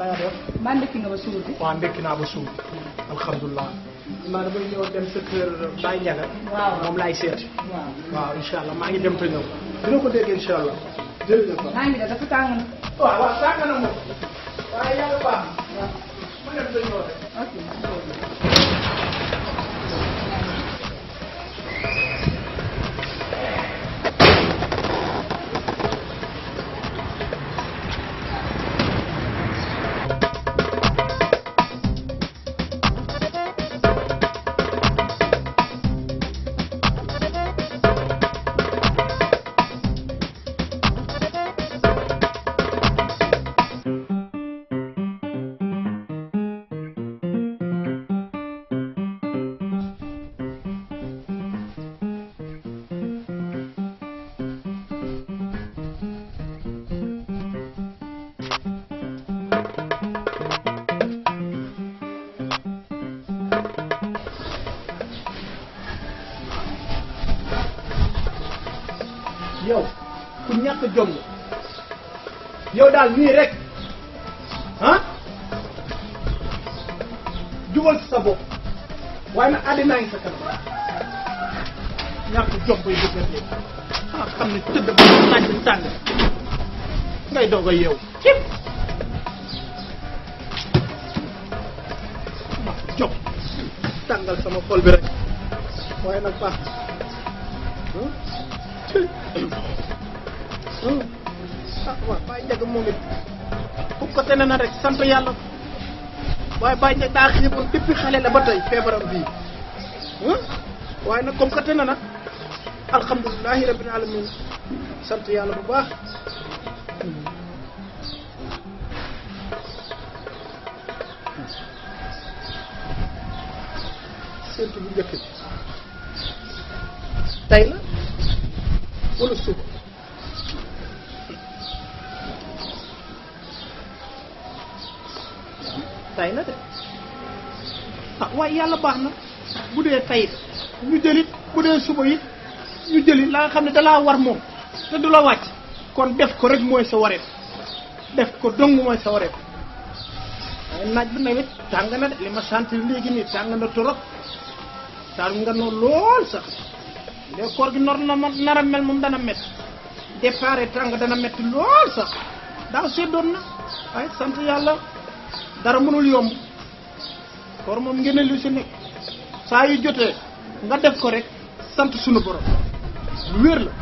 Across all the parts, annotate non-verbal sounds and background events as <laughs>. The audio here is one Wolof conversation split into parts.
danga def. maa ndekki nga ba suur bi. waaw ndekki naa ba suur alhamdulilah. maa damay ñëw dem sa kër Baye Ndiaga. waaw moom laay seeti. waaw waaw incha allah maa ngi dem te ñëw. dina ko dégg incha allah. jërëjëf maa ngi dem dafa tàng na. waaw waaw tàng na moom. waaye yàlla baax. waaw ma dem te ñëw rek. ok. ñàkk jom yow daal nii rek ah jubal ci sa bopp waaye nag àddinaa ngi sa kanam ñàkk jom bay dëgër léegi ah xam ne tëdd ba bi tàng ngay doog a yeewu ah waaw Baye Ndiaga moom it ku ko tene na rek sant yàlla waaye Baye Ndiaga daa xiiboon depuis xale la ba tey feebaram bii hmm? waaye nag comme que tene na alhamdulilahi rabbil alamin sant yàlla bu baax séntu bu njëkk bi wala suba tay la de ah waaye yàlla baax na bu dee tey ñu jëlit bu dee suba it ñu jëlit la xam ne dalaa war moom te du la wàcc kon def ko rek mooy sa wareef def ko dong mooy sa wareef waaye naaj bi nawet tàng na de li ma sant léegi nii tàng na torop tar nga noonu lool sax de gi nor na a mel moom dana métti départ tàng dana métti lool sax daaw seddoon na waaye sant yàlla dara mënul yomb koor moom ngeen lu si nekk saa yu jotee nga def ko rek sant sunu borom lu wér la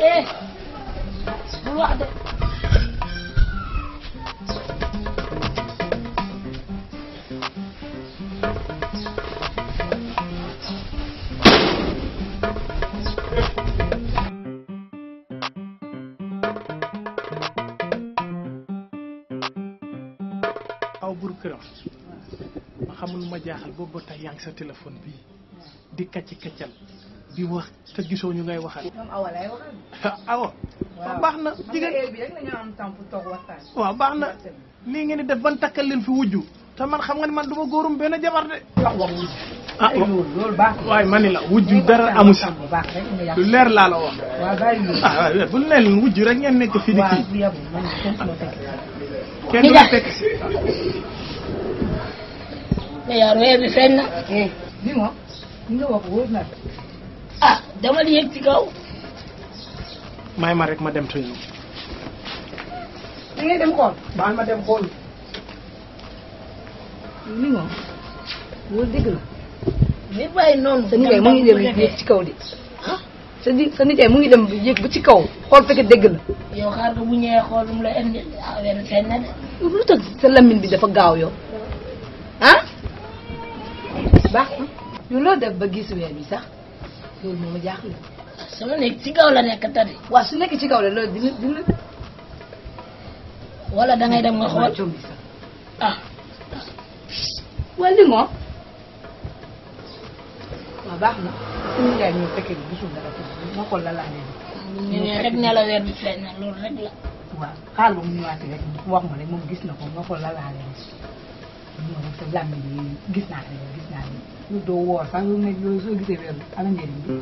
eh bul wax aw bur këram ma xamul ma jaaxal boobu ba tax sa téléphone bii di kacci kaccal di wax te gisoo ñu ngay waxal. moom <laughs> awa baax na jigéen bi rek la ñu am temps pour baax na lii ngeen di def ban takkal leen fi wujju te man xam nga ne man du ma góorum benn jabar de. wax wax ah baax na waaye ma ni la wujju dara amu si. lu leer laa la wax. waaw bàyyi wu. ah bu leer leen wujju rek ngeen nekk fii di kii. kenn du eh, la fekk si. mais li nga na. ah dama di ci kaw. may ma rek ma dem tuñu. da ngay dem xool. baal ma dem xool. li moom loolu dëgg la. li bàyyi noonu. sa nijaay mu ngi dem ci kaw de. ah sa di mu ngi dem yëg ba ci kaw xool fekk dëgg la. yow xaar nga bu ñëwee xool lu mu la indi ah weer feeñ na de. lu tax sa lamine bi dafa gaaw yow ah. baax na yow loo def ba gis wee bi loolu moom a jaaxle. sama nekk ci kaw la nekk tari. waaw su nekk ci kaw la loolu dina dina. wala da ngay dem nga xool ah. wala li moom. waaw baax na. suñu yaay ñëw fekkee ni gisul dara ma xool rek ne la bi feeñ na loolu rek la. waaw xaaral ba mu ñëwaatee rek wax ma ne moom gis na ko ma xool la laa moom sa làmb bi gis naa ko gis naa ko doo woor sax lu nekk loolu soo gisee wér ana njëriñ bi.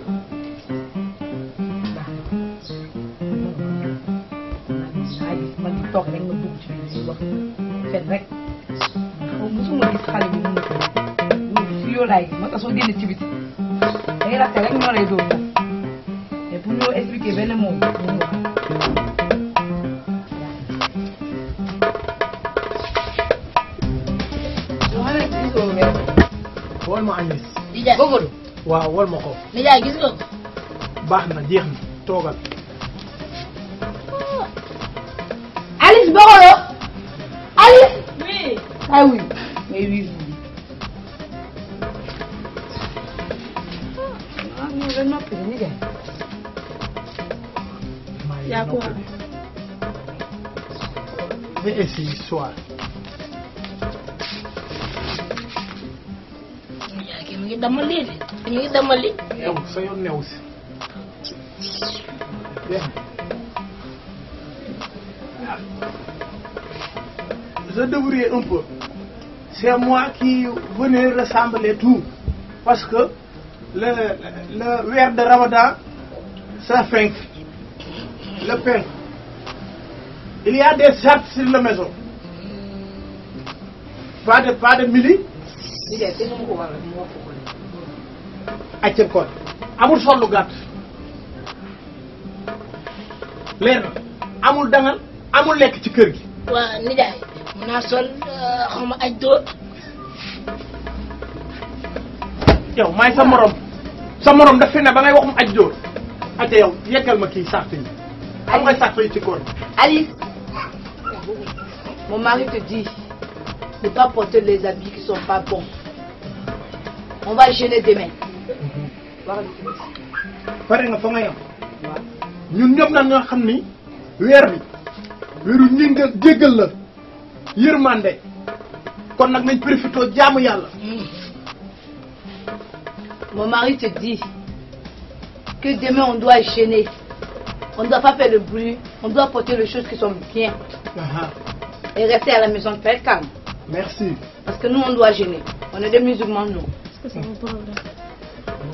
man ci toog rek nga dugg ci biir wax fen rek xaw mosuma gis xale bi mun na si yoo laay moo tax soo génne ci biti day rafet rek ñoo lay doon mais pour ñu expliquer benn moom ma añis. Nijaay Gogodo. waaw ma ko. baax na jeex na toogal. Alice Gogodo. Alice. oui. ah oui mais oui. Ah, dañuy damali de dañuy damali. yow peu. C'est moi qui venais ressembler tout. Parce que le, le Ramadan, ça fait Le pain. Il y a des certes sur la maison. Pas de, pas de mili. accër koon amul sol lu leer amul dangal amul lekk ci kër gi. waa nijaay mun sol euh, xaw ma aj dóor. yow maay sa morom sa morom daf fi ne ba ngay waxum aj dóor ate yow yekkal ma kii sart yi xam nga sart ci koor Alice mon mari te dit ne pas porter les habits qui sont pas bons on va jeûner demain. pare nga fa nga yam ñun ñëpp xam ni weer bi weeru njëngal jéggal la yërmande kon nag nañ profité jaamu yàlla. Mon mari te dit que demain on doit échaîner. On doit pas faire le bruit, on doit porter les choses qui sont bien. Et rester à la maison, faire calme. Parce que nous, on doit gêner. On est des musulmans, nous.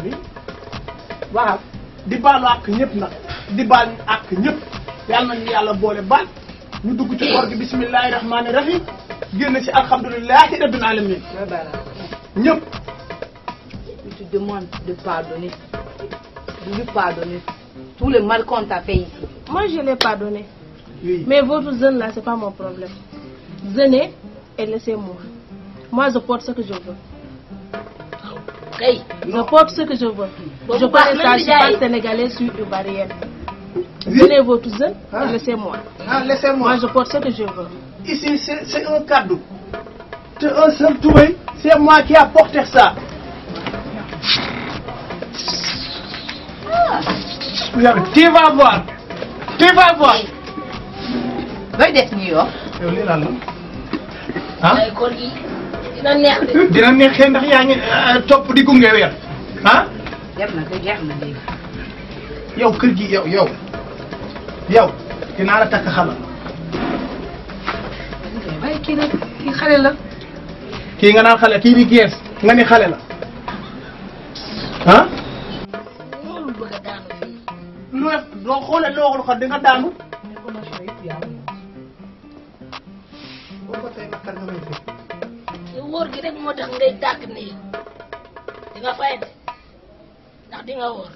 bi waaw di baalu àq ñëpp nag di baal àq ñëpp yal nañu yàlla boole baal ñu dugg ci koor gi bisimilahi rahmaani rahim génn ci alhamdulilahi rabbil alamin ñëpp. tu demandes de pardonner de lui pardonner tout le mal qu'on t'a fait ici. je l'ai pardonné. Oui. Mais votre jeune là, c'est pas mon problème. Jeûnez et laissez-moi. Moi, je porte ce que je veux. Hey, je porte ce que je veux. Bon, je porte ça, je parle sénégalais sur une barrière. Oui. Venez votre jeune, ah. laissez-moi. Ah, je porte ce que je veux. c'est un cadeau. C'est un seul doué. C'est moi qui ai apporté ça. Ah. dina neex de. dina neexee yaa ngi euh, topp di gunge weer ah. dem kër gi yow yow yow dinaa la takk xala. waaye nga naan xale kii di gees nga ni xale la ah. loolu bëgg a daanu fii. loo loo woor gi rek moo tax ngay tàgg nii di nga fay de ndax di nga woor